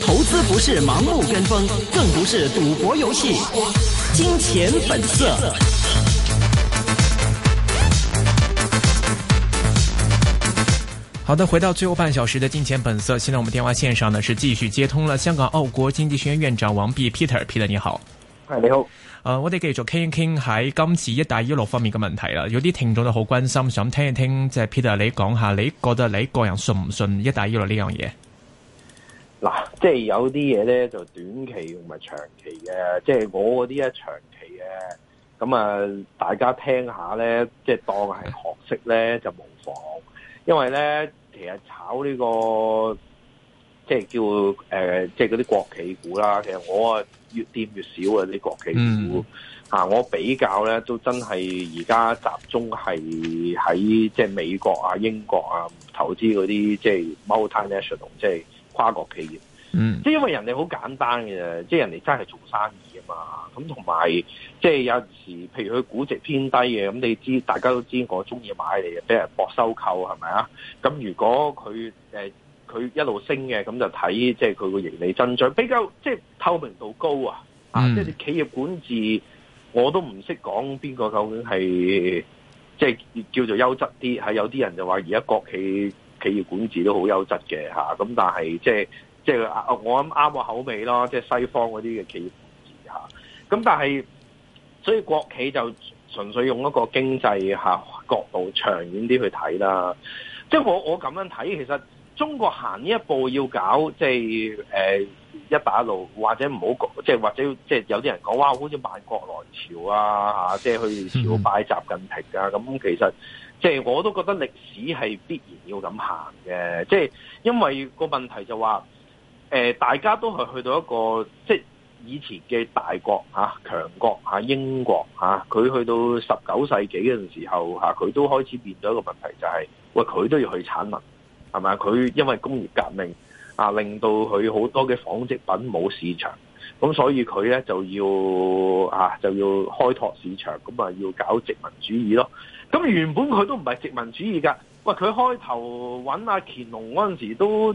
投資不是盲目跟風，更不是賭博遊戲，《金錢本色》。好的，回到最後半小時的《金錢本色》，現在我們電話線上呢是繼續接通了香港澳國經濟學院院長王弼 Peter，Peter 你好，嗨，你好。誒、uh，我哋繼續傾一傾喺今次一帶一路方面嘅問題啦。有啲聽眾都好關心，想聽一聽，即、就、係、是、Peter 你講下，你覺得你個人信唔信一帶一路呢樣嘢？嗱，即係有啲嘢咧，就短期同埋長期嘅。即係我嗰啲係長期嘅。咁啊，大家聽下咧，即係當係學識咧就無妨。因為咧，其實炒呢、這個。即係叫誒、呃，即係嗰啲國企股啦。其實我啊越跌越少啊啲國企股、嗯啊、我比較咧都真係而家集中係喺即係美國啊、英國啊投資嗰啲即係 multinational 即係跨國企業。嗯、即係因為人哋好簡單嘅，即係人哋真係做生意啊嘛。咁同埋即係有時候，譬如佢估值偏低嘅，咁你知大家都知道我中意買嚟俾人博收購係咪啊？咁如果佢誒，呃佢一路升嘅，咁就睇即係佢個盈利增長比較即係透明度高啊！啊，嗯，即係企業管治我都唔識講邊個究竟係即係叫做優質啲，係有啲人就話而家國企企業管治都好優質嘅嚇，咁但係即係即係我諗啱個口味咯，即係西方嗰啲嘅企業管治嚇，咁但係所以國企就純粹用一個經濟嚇角度長遠啲去睇啦，即係我我咁樣睇其實。中國行呢一步要搞即係、呃、一帶一路，或者唔好講即係，或者即係有啲人講哇，好似萬國來朝啊，即係去朝拜習近平啊咁。嗯、其實即係我都覺得歷史係必然要咁行嘅，即係因為個問題就話、呃、大家都係去到一個即係以前嘅大國嚇、啊、強國嚇、啊、英國嚇，佢、啊、去到十九世紀嘅時候佢、啊、都開始變咗一個問題，就係、是、喂，佢都要去產能。係咪？佢因為工業革命啊，令到佢好多嘅紡織品冇市場，咁所以佢咧就要啊，就要開拓市場，咁啊要搞殖民主義咯。咁原本佢都唔係殖民主義㗎，喂，佢開頭揾阿、啊、乾隆嗰陣時候都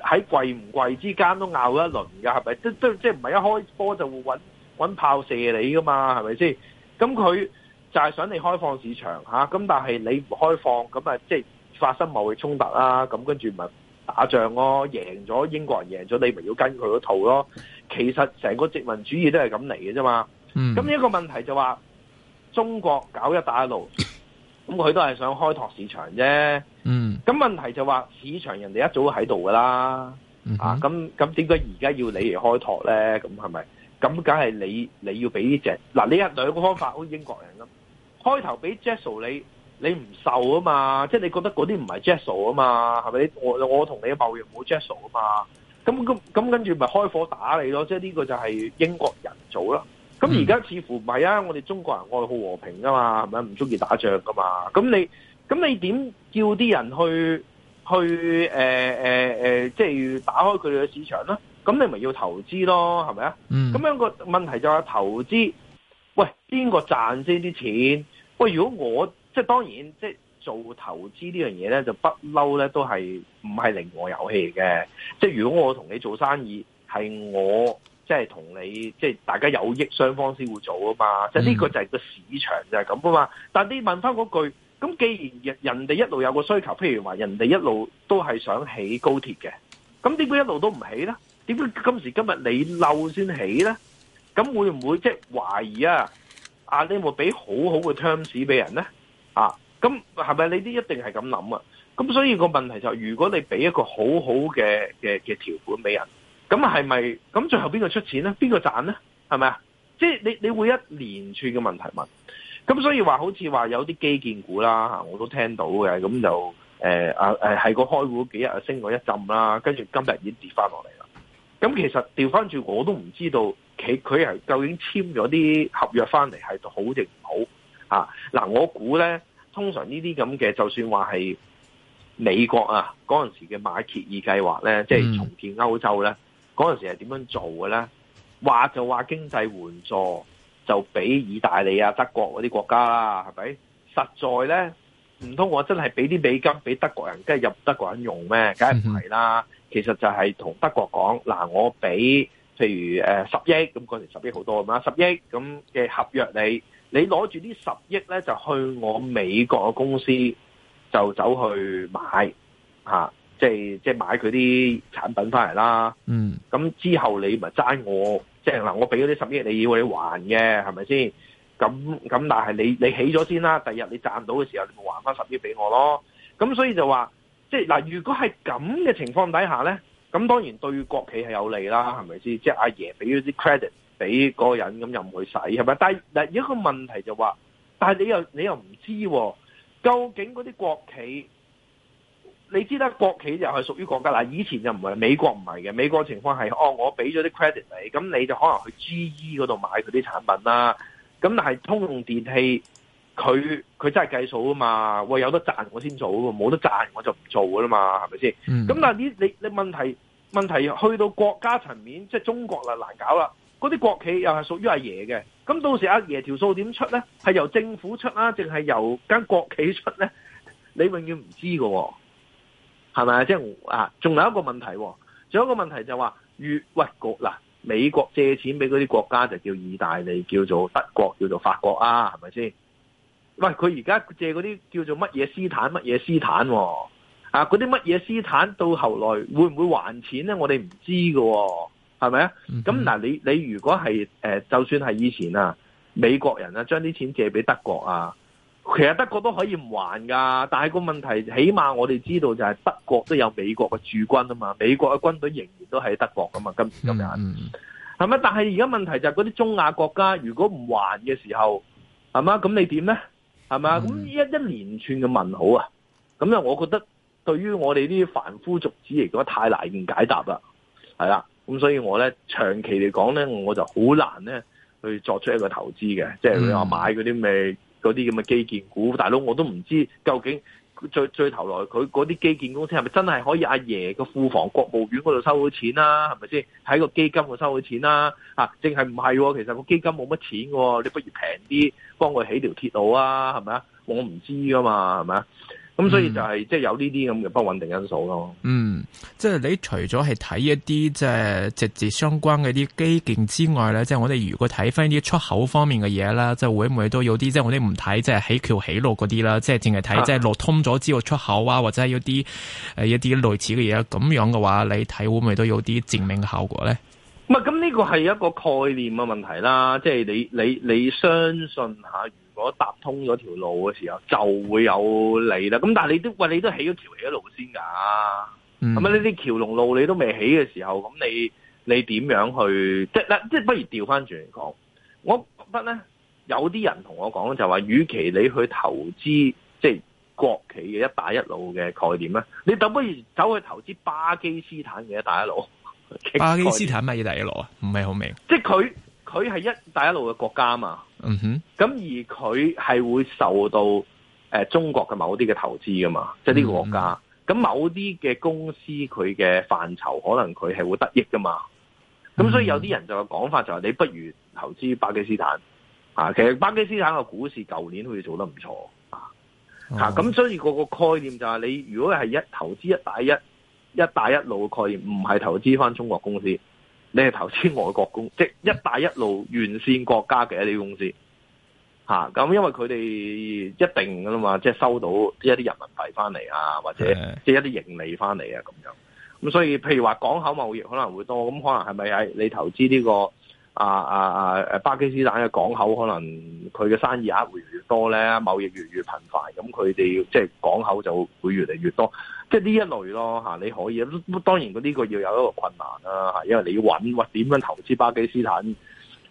喺貴唔貴之間都拗一輪㗎，係咪？都都即係唔係一開波就會揾揾炮射你㗎嘛？係咪先？咁佢就係想你開放市場嚇，咁、啊、但係你唔開放，咁啊即係。發生貿易衝突啦、啊，咁跟住咪打仗咯、啊，贏咗英國人贏咗，你咪要跟佢嗰套咯。其實成個殖民主義都係咁嚟嘅啫嘛。咁、嗯、呢一個問題就話中國搞一帶一路，咁佢都係想開拓市場啫。咁、嗯、問題就話市場人哋一早喺度噶啦，啊咁咁點解而家要你嚟開拓咧？咁係咪？咁梗係你你要俾呢隻嗱，你係兩個方法，好似英國人咁，開頭俾 Jasul 你。你唔受啊嘛，即係你覺得嗰啲唔係 Jasul 啊嘛，係咪？我我同你抱怨冇 Jasul 啊嘛，咁咁咁跟住咪開火打你咯，即係呢個就係英國人做咯。咁而家似乎唔係啊，我哋中國人愛好和平噶嘛，係咪？唔中意打仗噶嘛，咁你咁你點叫啲人去去誒誒、呃呃、即係打開佢哋嘅市場呢？咁你咪要投資咯，係咪啊？咁樣個問題就係投資，喂，邊個賺先啲錢？喂，如果我即係當然，即係做投資呢樣嘢咧，就不嬲咧，都係唔係零和遊戲嘅。即係如果我同你做生意，係我即係同你即係大家有益雙方先會做啊嘛。即係呢個就係個市場就係咁啊嘛。但係你問翻嗰句，咁既然人人哋一路有個需求，譬如話人哋一路都係想起高鐵嘅，咁點解一路都唔起咧？點解今時今日你嬲先起咧？咁會唔會即係懷疑啊？啊，你有冇俾好好嘅 terms 俾人咧？啊，咁係咪你啲一定係咁諗啊？咁所以個問題就係，如果你俾一個好好嘅嘅嘅條款俾人，咁係咪？咁最後邊個出錢咧？邊個賺咧？係咪啊？即係你你會一連串嘅問題問。咁所以話好似話有啲基建股啦，我都聽到嘅。咁就誒、呃、啊誒，係、啊啊、個開戶幾日啊升過一浸啦，跟住今日已經跌翻落嚟啦。咁其實調翻轉我都唔知道佢佢係究竟簽咗啲合約翻嚟係好定唔好。啊！嗱，我估咧，通常呢啲咁嘅，就算話係美國啊嗰陣時嘅馬歇爾計劃咧，即係重建歐洲咧，嗰陣時係點樣做嘅咧？話就話經濟援助就俾意大利啊、德國嗰啲國家啦，係咪？實在咧，唔通我真係俾啲美金俾德國人，跟住入德國人用咩？梗係唔係啦？其實就係同德國講嗱，啊，我俾譬如誒十億，咁嗰陣時十億好多啊嘛，十億咁嘅合約你。你攞住呢十億呢，就去我美國公司就走去買吓，即係即係買佢啲產品翻嚟啦。嗯，咁之後你咪齋我，即係嗱，我俾咗啲十億，你要你還嘅，係咪先？咁咁，但係你你起咗先啦，第日你賺到嘅時候，你咪還翻十億俾我咯。咁所以就話，即係嗱，如果係咁嘅情況底下呢，咁當然對國企係有利啦，係咪先？即係阿爺俾咗啲 credit。俾嗰個人咁又唔會使係咪？但嗱，但一個問題就話，但係你又你又唔知道，究竟嗰啲國企，你知啦，國企又係屬於國家嗱。以前就唔係美國唔係嘅，美國情況係哦，我俾咗啲 credit 你，咁你就可能去 GE 嗰度買佢啲產品啦。咁但係通用電器佢佢真係計數噶嘛？喂，有得賺我先做喎，冇得賺我就唔做噶啦嘛，係咪先？咁、嗯、但係你你你問題問題去到國家層面，即係中國就難搞啦。嗰啲國企又係屬於阿爺嘅，咁到時阿爺條數點出呢？係由政府出啊，定係由間國企出呢？你永遠唔知㗎喎，係咪啊？即係啊，仲有一個問題喎，仲有一個問題就話，越喂國嗱，美國借錢俾嗰啲國家就叫意大利，叫做德國，叫做法國啊，係咪先？喂，佢而家借嗰啲叫做乜嘢斯坦乜嘢斯坦？啊、哦，嗰啲乜嘢斯坦到後來會唔會還錢呢？我哋唔知㗎喎。係咪啊？咁嗱，你你如果係誒、呃，就算係以前啊，美國人啊，將啲錢借俾德國啊，其實德國都可以唔還噶。但係個問題，起碼我哋知道就係德國都有美國嘅駐軍啊嘛，美國嘅軍隊仍然都喺德國噶嘛，今時今日係咪？但係而家問題就係嗰啲中亞國家如果唔還嘅時候，係嘛？咁你點咧？係嘛？咁、嗯、一一連串嘅問號啊！咁咧，我覺得對於我哋啲凡夫俗子嚟講，太難以解答啦，係啦。咁所以我咧長期嚟講咧，我就好難咧去作出一個投資嘅，即係你話買嗰啲咩嗰啲咁嘅基建股，大佬我都唔知究竟最最頭來佢嗰啲基建公司係咪真係可以阿爺個庫房國務院嗰度收到錢啦、啊？係咪先喺個基金度收到錢啦、啊？啊，淨係唔係其實個基金冇乜錢喎。你不如平啲幫佢起條鐵路啊？係咪啊？我唔知㗎嘛，係咪啊？咁、嗯、所以就係即係有呢啲咁嘅不穩定因素咯。嗯，即係你除咗係睇一啲即係直接相關嘅啲基建之外咧，即係我哋如果睇翻啲出口方面嘅嘢啦，即係就會唔會都有啲即係我哋唔睇即係起橋起路嗰啲啦，即係淨係睇即係落通咗之後出口啊，或者係一啲誒、呃、一啲類似嘅嘢，咁樣嘅話，你睇會唔會都有啲正面嘅效果咧？唔、啊、係，咁呢個係一個概念嘅問題啦。即係你你你相信下。如果搭通咗條路嘅時候就會有你啦，咁但你都餵你都起咗橋起咗路先㗎，咁啊，呢啲橋龍路你都未起嘅時候，咁你你點樣去即係即係不如調翻轉嚟講，我覺得咧有啲人同我講就話，與其你去投資即係國企嘅一帶一路嘅概念咧，你就不如走去投資巴基斯坦嘅一帶一路。巴基斯坦乜嘢一帶一路啊？唔係好明。即係佢。佢係一帶一路嘅國家嘛，咁、mm -hmm. 而佢係會受到、呃、中國嘅某啲嘅投資噶嘛，即係呢個國家，咁、mm -hmm. 某啲嘅公司佢嘅範疇可能佢係會得益噶嘛，咁所以有啲人就有講法就係、是 mm -hmm. 你不如投資巴基斯坦啊，其實巴基斯坦嘅股市舊年佢做得唔錯啊，咁、oh. 啊、所以個個概念就係你如果係一投資一帶一一帶一路嘅概念，唔係投資翻中國公司。你係投資外國公，即係一帶一路完善國家嘅一啲公司，嚇咁，因為佢哋一定噶啦嘛，即係收到一啲人民幣翻嚟啊，或者即係一啲盈利翻嚟啊，咁樣。咁所以，譬如話港口貿易可能會多，咁可能係咪喺你投資呢個啊啊啊巴基斯坦嘅港口，可能佢嘅生意額會越嚟越多咧，貿易越來越頻繁，咁佢哋即係港口就會越嚟越多。即係呢一類咯吓，你可以。當然，呢個要有一個困難啦、啊、因為你要揾或點樣投資巴基斯坦，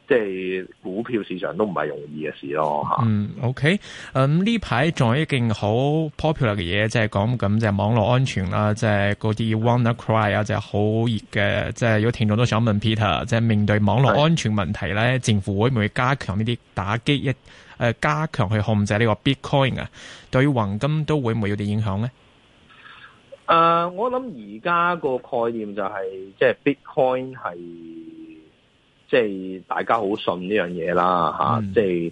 即係股票市場都唔係容易嘅事咯吓。嗯，OK，誒呢排仲有一件好 popular 嘅嘢，即係講緊就是說就係網絡安全啦、啊，即係嗰啲 Wanna Cry 啊，就係好熱嘅。即、就、係、是、如果有聽眾都想問 Peter，即係面對網絡安全問題咧，政府會唔會加強呢啲打擊？一誒加強去控制呢個 Bitcoin 啊，對於黃金都會唔會有啲影響咧？誒，我諗而家個概念就係，即係 bitcoin 係，即係大家好信呢樣嘢啦，吓，嗯，即係。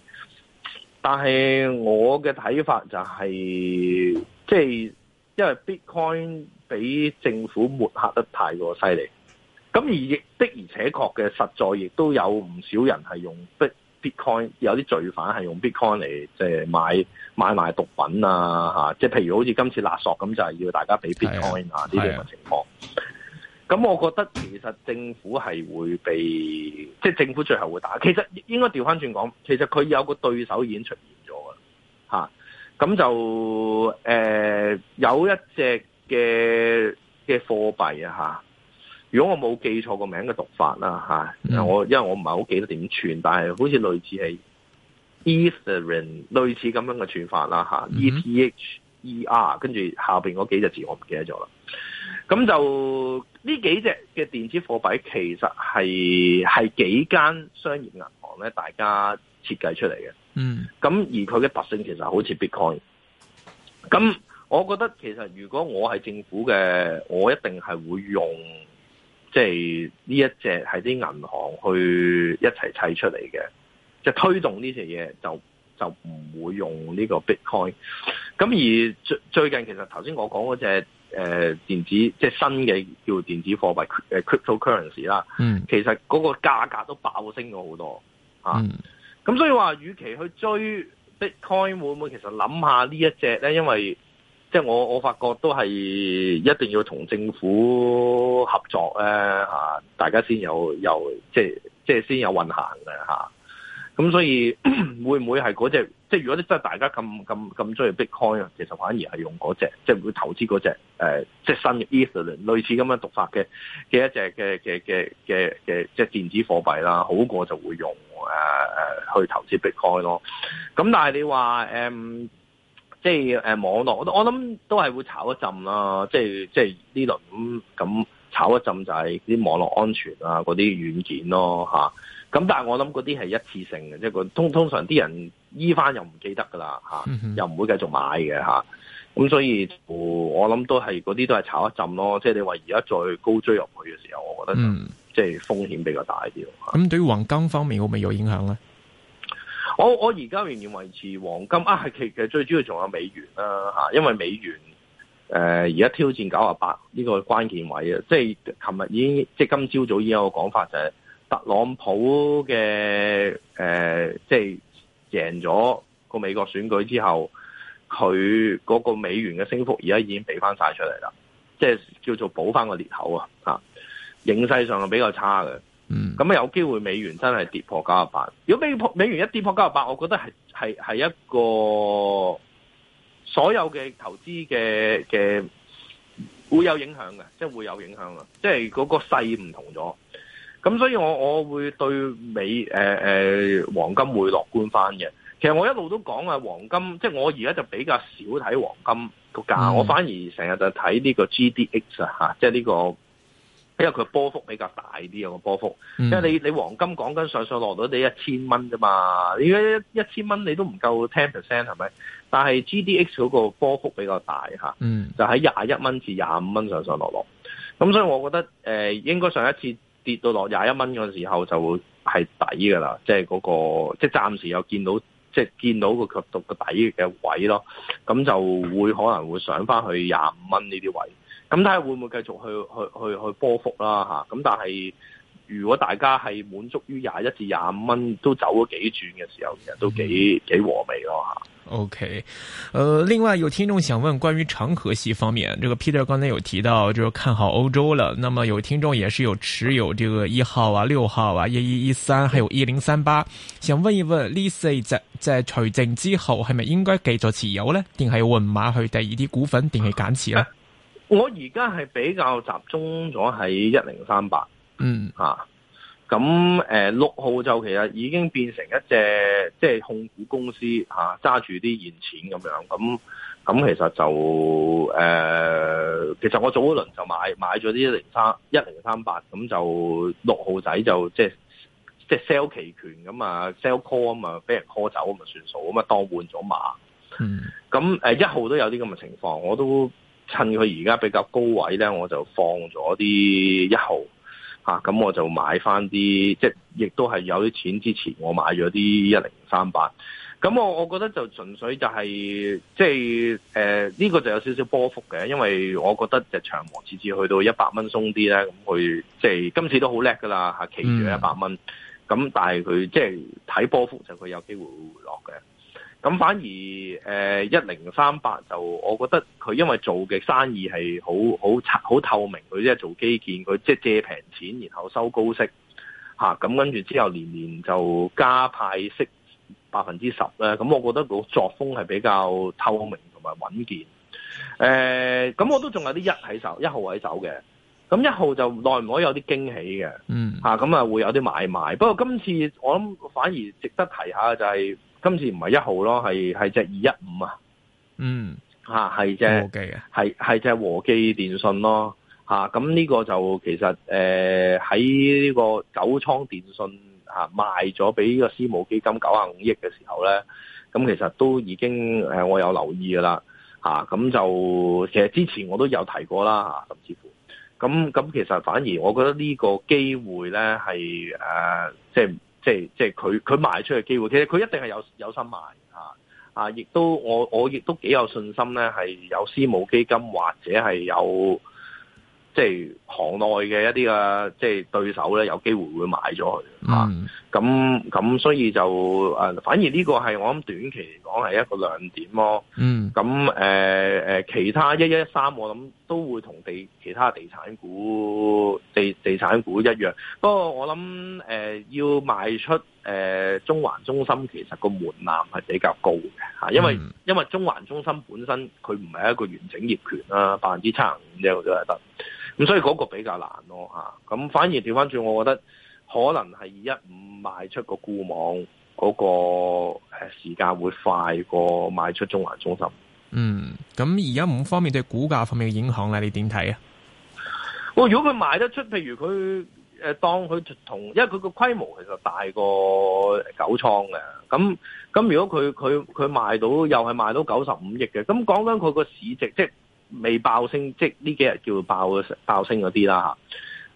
但係我嘅睇法就係，即係因為 bitcoin 俾政府抹黑得太過犀利，咁而的而且確嘅實在亦都有唔少人係用 bitcoin。Bitcoin 有啲罪犯係用 Bitcoin 嚟即係買買賣毒品啊，吓、啊！即係譬如好似今次勒索咁，就係、是、要大家俾 Bitcoin 啊，呢啲咁嘅情況。咁、啊、我覺得其實政府係會被，即、就、係、是、政府最後會打。其實應該調翻轉講，其實佢有個對手已經出現咗啦，吓、啊！咁就誒、呃、有一隻嘅嘅貨幣啊吓。如果我冇記錯個名嘅讀法啦吓，我因為我唔係好記得點串，但係好似類似係 Etherin，類似咁樣嘅串法啦吓、mm -hmm.，E-T-H-E-R，跟住下邊嗰幾隻字我唔記得咗啦。咁就呢幾隻嘅電子貨幣其實係係幾間商業銀行咧，大家設計出嚟嘅。嗯。咁而佢嘅特性其實好似 Bitcoin。咁，我覺得其實如果我係政府嘅，我一定係會用。即係呢一隻係啲銀行去一齊砌出嚟嘅，即係推動呢隻嘢就就唔會用呢個 Bitcoin。咁而最最近其實頭先我講嗰隻、呃、電子即係新嘅叫電子貨幣 cryptocurrency 啦、mm.，其實嗰個價格都爆升咗好多啊！咁、mm. 所以話，與其去追 Bitcoin 會唔會其實諗下呢一隻咧，因為？即係我我發覺都係一定要同政府合作咧、啊、吓，大家先有有即係即係先有運行嘅、啊、吓。咁、啊、所以會唔會係嗰隻？即係如果你真係大家咁咁咁中意 Bitcoin，其實反而係用嗰隻，即係會投資嗰隻誒，即係新嘅 Ethereum 類似咁樣讀法嘅嘅一隻嘅嘅嘅嘅嘅即係電子貨幣啦，好過就會用誒誒、呃、去投資 Bitcoin 咯。咁但係你話誒？嗯即係誒，網絡我我諗都係會炒一陣啦，即係即係呢輪咁咁炒一陣就係啲網絡安全啊，嗰啲軟件咯吓。咁但係我諗嗰啲係一次性嘅，即係通通常啲人醫翻又唔記得噶啦吓，又唔會繼續買嘅吓。咁所以我諗都係嗰啲都係炒一陣咯。即係你話而家再高追入去嘅時候，我覺得即係風險比較大啲、嗯嗯、咯。咁對於黃金方面，會唔會有影響咧？我我而家仍然維持黃金啊，其實最主要仲有美元啦、啊、嚇，因為美元誒而家挑戰九啊八呢個關鍵位啊，即係琴日已經，即係今朝早，早已經有個講法就係、是、特朗普嘅誒、呃，即係贏咗個美國選舉之後，佢嗰個美元嘅升幅而家已經俾翻晒出嚟啦，即係叫做補翻個裂口啊嚇，形勢上係比較差嘅。嗯，咁啊有機會美元真係跌破九十八。如果美美元一跌破九十八，我覺得係係係一個所有嘅投資嘅嘅會有影響嘅，即係會有影響啊！即係嗰個勢唔同咗。咁所以我我會對美誒誒、呃、黃金會樂觀翻嘅。其實我一路都講啊，黃金即係我而家就比較少睇黃金個價、嗯，我反而成日就睇呢個 G D X 啊，吓，即係呢個。因為佢波幅比較大啲，有個波幅，因為你你黃金講緊上上落落，你一千蚊啫嘛，依家，一千蚊你都唔夠 ten percent 係咪？但係 GDX 嗰個波幅比較大吓，就喺廿一蚊至廿五蚊上上落落。咁所以我覺得誒，應該上一次跌到落廿一蚊嘅時候就會係底噶啦，那個，即係嗰個即係暫時有見到即係見到個角度個底嘅位咯，咁就會可能會上翻去廿五蚊呢啲位。咁睇下會唔會繼續去去去去波幅啦吓，咁但係如果大家係滿足於廿一至廿五蚊都走咗幾轉嘅時候，其實都幾幾和味咯吓。OK，誒、呃，另外有聽眾想問關於長和系方面，這個 Peter 剛才有提到就看好歐洲啦，那麼有聽眾也是有持有這個一號啊、六號啊、一一一三，還有一零三八，想問一問，呢四隻即係除淨之後係咪應該繼續持有呢，定係換馬去第二啲股份，定係減持呢、啊我而家係比較集中咗喺一零三八，嗯咁誒六號就其實已經變成一隻即係控股公司，揸住啲現錢咁樣，咁、嗯、咁、嗯、其實就、呃、其實我早一輪就買買咗啲一零三一零三八，咁就六號仔就即即 sell 期權咁啊，sell call 咁啊，俾人 call 走咁啊，算數咁啊，當換咗碼。嗯，咁誒一號都有啲咁嘅情況，我都。趁佢而家比較高位咧，我就放咗啲一號，咁、啊、我就買翻啲，即係亦都係有啲錢之前，我買咗啲一零三八。咁我我覺得就純粹就係、是、即係誒呢個就有少少波幅嘅，因為我覺得就長和次次去到100鬆一百蚊鬆啲咧，咁佢即係今次都好叻㗎啦嚇，企住一百蚊。咁、嗯、但係佢即係睇波幅就佢有機會，會落嘅。咁反而誒一零三八就，我覺得佢因為做嘅生意係好好好透明，佢即係做基建，佢即係借平錢然後收高息，咁、啊、跟住之後年年就加派息百分之十咧。咁我覺得個作風係比較透明同埋穩健。誒、啊、咁我都仲有啲一喺手，一號喺手嘅。咁一號就耐唔可以有啲驚喜嘅，嗯，咁啊會有啲買賣。不過今次我諗反而值得提下嘅就係。今次唔係一號咯，係係隻二一五啊，嗯，吓係隻，係係隻和記電訊咯，嚇，咁呢個就其實誒喺呢個九倉電訊嚇、啊、賣咗俾呢個私募基金九十五億嘅時候咧，咁其實都已經誒我有留意噶啦，嚇、啊、咁就其實之前我都有提過啦，嚇、啊、甚至乎咁咁其實反而我覺得呢個機會咧係誒即係。即係即係佢佢賣出嘅機會，其實佢一定係有有心賣嚇啊！亦都我我亦都幾有信心咧，係有私募基金或者係有即係行內嘅一啲嘅、啊、即係對手咧，有機會會買咗佢。嗯、啊，咁咁，所以就誒，反而呢個係我諗短期嚟講係一個亮點咯、哦。嗯，咁誒誒，其他一一三我諗都會同地其他地產股地地產股一樣。不過我諗誒、呃、要賣出誒、呃、中環中心，其實個門檻係比較高嘅吓、啊，因為因為中環中心本身佢唔係一個完整業權啦、啊，百分之七十五啫，都係得。咁所以嗰個比較難咯、哦、吓。咁、啊、反而調返轉，我覺得。可能係二一五賣出顧個固網嗰個誒時間會快過賣出中環中心。嗯，咁而家二一五方面對股價方面嘅影響咧，你點睇？啊？我、哦、如果佢賣得出，譬如佢誒當佢同一，因為佢個規模其實大過九倉嘅。咁咁如果佢佢佢賣到又係賣到九十五億嘅，咁講緊佢個市值，即係未爆升，即係呢幾日叫爆爆升嗰啲啦。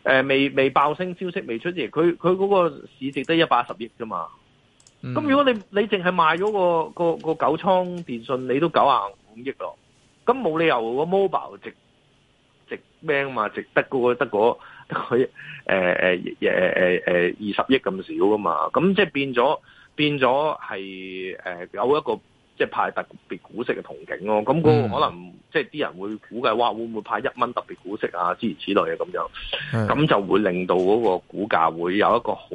誒，未未爆聲消息未出現，佢佢嗰個市值得一百十億啫嘛。咁如果你你淨係賣咗、個、個、個九倉電信，你都九啊五億咯。咁冇理由、個 mobile 值值咩嘛？值得嗰、個得嗰得佢誒誒誒誒誒二十億咁少噶嘛？咁即係變咗變咗係誒有一個派特別股息嘅憧憬咯，咁嗰個可能即係啲人會估計，哇，會唔會派一蚊特別股息啊？諸如此類嘅咁樣，咁就會令到嗰個股價會有一個好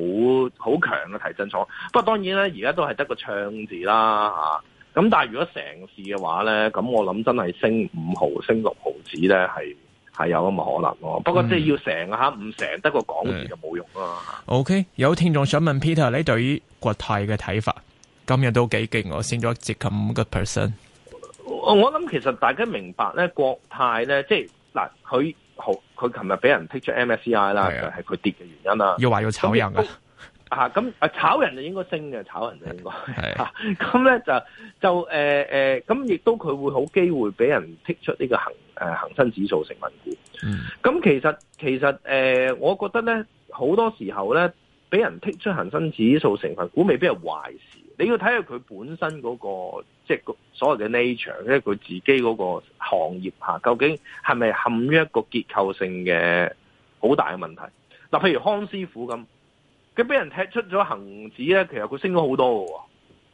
好強嘅提振倉。不過當然咧，而家都係得個唱字啦，吓。咁但係如果成市嘅話咧，咁我諗真係升五毫、升六毫紙咧，係係有咁嘅可能咯。不過即係要成下唔成得個講字就冇用咯。OK，有聽眾想問 Peter，你對於國泰嘅睇法？今日都幾勁，我升咗接近五個 percent。我諗其實大家明白咧，國泰咧，即係嗱，佢好佢琴日俾人剔出 MSCI 啦，係佢、就是、跌嘅原因啦，要話要炒人噶啊，咁 啊，啊炒人就應該升嘅，炒人就應該吓咁咧、啊、就就誒咁亦都佢會好機會俾人剔出呢個恒誒、呃、恆生指數成分股。咁、嗯、其實其實誒、呃，我覺得咧好多時候咧，俾人剔出恒生指數成分股未必係壞事。你要睇下佢本身嗰個，即係個所謂嘅 nature 咧，佢自己嗰個行業吓究竟係咪陷於一個結構性嘅好大嘅問題？嗱，譬如康師傅咁，佢俾人踢出咗恒指咧，其實佢升咗好多嘅喎，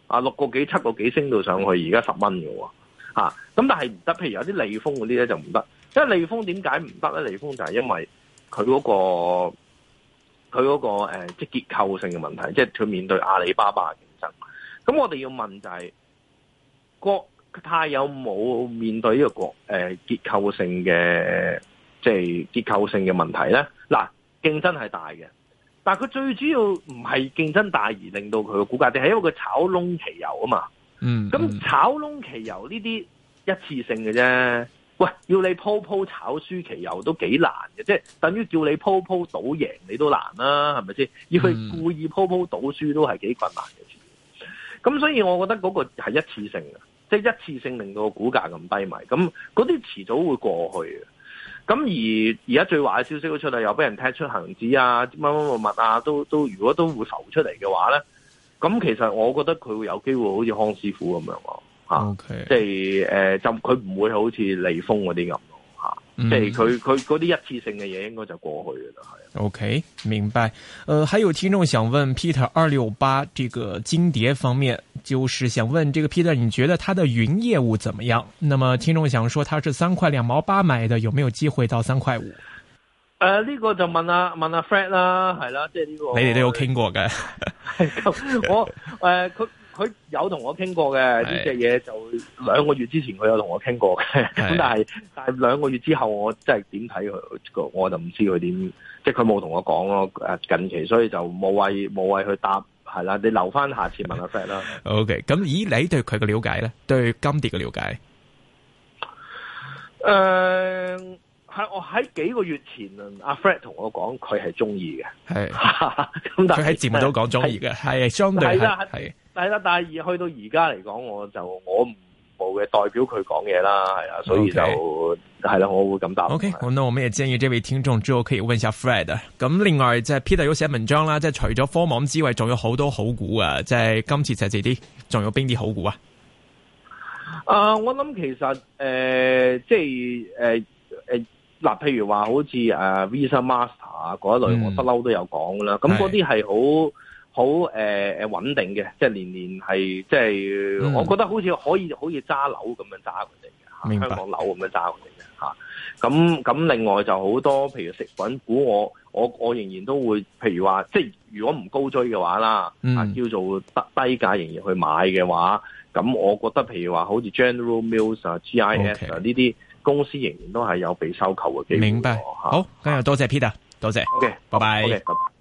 啊六個幾七個幾升到上去，而家十蚊㗎喎，咁但係唔得，譬如有啲利豐嗰啲咧就唔得，因為利豐點解唔得咧？利豐就係因為佢嗰個佢嗰個誒，即係結構性嘅問題，即係佢面對阿里巴巴。咁我哋要問就係、是、國泰有冇面對呢個國誒、呃、結構性嘅即係結構性嘅問題咧？嗱，競爭係大嘅，但係佢最主要唔係競爭大而令到佢嘅股價，係因為佢炒燶期油啊嘛。嗯，嗯，咁炒燶期油呢啲一次性嘅啫。喂，要你鋪鋪炒輸期油都幾難嘅，即係等於叫你鋪鋪賭贏你都難啦、啊，係咪先？要佢故意鋪鋪賭輸都係幾困難嘅。咁所以，我覺得嗰個係一次性嘅，即係一次性令到個股價咁低迷。咁嗰啲遲早會過去嘅。咁而而家最壞嘅消息都出嚟，又俾人踢出恒指啊，乜乜乜物啊，都都如果都會浮出嚟嘅話咧，咁其實我覺得佢會有機會好似康師傅咁樣喎，OK 即係誒就佢唔會好似利豐嗰啲咁。嗯、即係佢佢嗰啲一次性嘅嘢，應該就過去㗎啦，係。OK，明白。呃，還有聽眾想問 Peter 二六八，這個金蝶方面，就是想問這個 Peter，你覺得他的雲業務怎麼樣？那麼聽眾想說，他是三塊兩毛八買的，有沒有機會到三塊五？誒，呢個就問阿、啊、問阿、啊、Fred 啦，係啦，即係呢個。你哋都有傾過嘅。 我誒佢。呃佢有同我傾過嘅呢隻嘢，就兩個月之前佢有同我傾過，咁但係但係兩個月之後我，我真係點睇佢我就唔知佢點，即係佢冇同我講咯。誒近期，所以就冇謂冇謂佢答係啦。你留翻下次問阿 Sir 啦。OK，咁以你對佢嘅了解咧，對金蝶嘅了解，uh, 係我喺幾個月前，阿 Fred 同我講佢係中意嘅，係咁。佢喺節目都講中意嘅，係相對係。係啦，但係去到而家嚟講，我就我冇嘅代表佢講嘢啦，係啊，所以就係啦，okay.，我會咁答。O K，講到我咩嘢先？呢位聽眾之後可以問一下 Fred。啊。咁另外即係、就是、Peter 有寫文章啦，即係除咗科網之外，仲有好多好股啊，就是呃呃，即係今次就係啲，仲有邊啲好股啊？誒、呃，我諗其實誒，即係誒誒。嗱，譬如話好似、呃、Visa Master 嗰一類，嗯、我不嬲都有講啦。咁嗰啲係好好穩定嘅，即係年年係即係、嗯，我覺得好似可以好似揸樓咁樣揸佢哋嘅，香港樓咁樣揸佢哋嘅。咁咁另外就好多譬如食品股我，我我我仍然都會譬如、如話，即係如果唔高追嘅話啦，啊叫做低低價仍然去買嘅話，咁我覺得譬如話好似 General Mills 啊、okay.、GIS 啊呢啲。公司仍然都係有被收購嘅機會。明白。好，今日多謝,謝 Peter，多謝,謝。OK，OK，拜拜。Okay, okay, bye bye